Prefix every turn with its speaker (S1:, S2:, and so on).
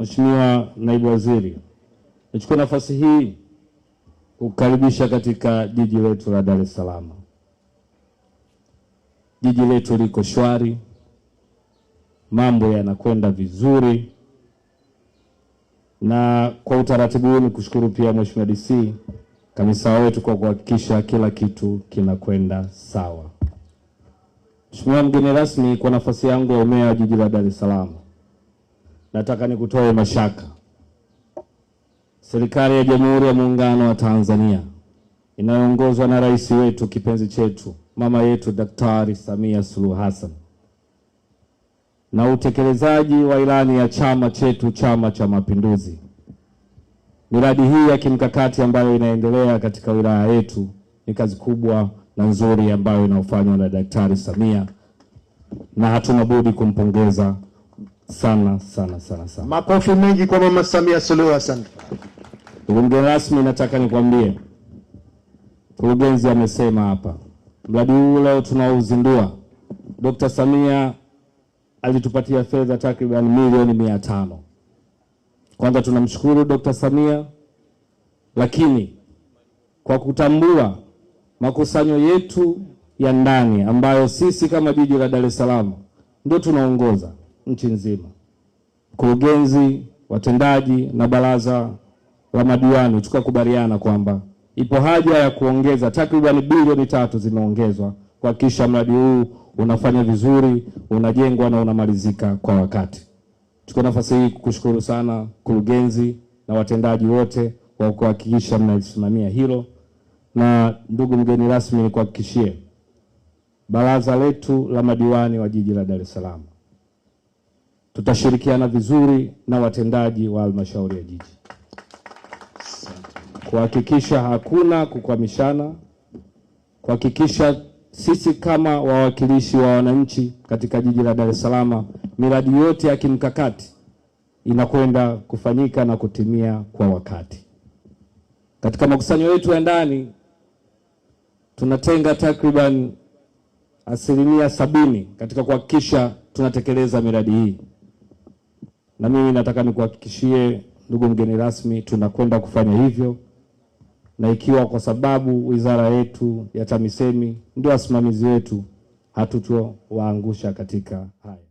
S1: Mheshimiwa Naibu Waziri, nichukue nafasi hii kukaribisha katika jiji letu la Dar es Salaam. Jiji letu liko shwari, mambo yanakwenda vizuri, na kwa utaratibu huu ni kushukuru pia Mheshimiwa DC kamisa wetu kwa kuhakikisha kila kitu kinakwenda sawa. Mheshimiwa mgeni rasmi, kwa nafasi yangu ya umeya wa jiji la Dar es Salaam Nataka nikutoe mashaka. Serikali ya Jamhuri ya Muungano wa Tanzania inayoongozwa na rais wetu kipenzi chetu mama yetu Daktari Samia Suluhu Hassan na utekelezaji wa ilani ya chama chetu Chama cha Mapinduzi, miradi hii ya kimkakati ambayo inaendelea katika wilaya yetu ni kazi kubwa na nzuri ambayo inaofanywa na Daktari Samia na hatuna budi kumpongeza sana sana sana sana.
S2: Makofi mengi kwa Mama Samia Suluhu Hassan.
S1: Ndugu mgeni rasmi, nataka nikwambie, mkurugenzi amesema hapa, mradi huu leo tunauzindua. Dr. Samia alitupatia fedha takriban milioni mia tano. Kwanza tunamshukuru Dr. Samia, lakini kwa kutambua makusanyo yetu ya ndani ambayo sisi kama jiji la Dar es Salaam ndio tunaongoza nchi nzima. Mkurugenzi, watendaji na baraza la madiwani tukakubaliana kwamba ipo haja ya kuongeza takribani bilioni tatu zimeongezwa kuhakikisha mradi huu unafanya vizuri, unajengwa na unamalizika kwa wakati. Chukua nafasi hii kukushukuru sana mkurugenzi na watendaji wote kwa kuhakikisha mnalisimamia hilo, na ndugu mgeni rasmi, nikuhakikishie baraza letu la madiwani wa jiji la Dar es Salaam tutashirikiana vizuri na watendaji wa halmashauri ya jiji kuhakikisha hakuna kukwamishana, kuhakikisha sisi kama wawakilishi wa wananchi katika jiji la Dar es Salaam, miradi yote ya kimkakati inakwenda kufanyika na kutimia kwa wakati. Katika makusanyo yetu ya ndani tunatenga takriban asilimia sabini katika kuhakikisha tunatekeleza miradi hii na mimi nataka nikuhakikishie ndugu mgeni rasmi, tunakwenda kufanya hivyo, na ikiwa kwa sababu wizara yetu ya TAMISEMI ndio wasimamizi wetu, hatutowaangusha katika haya.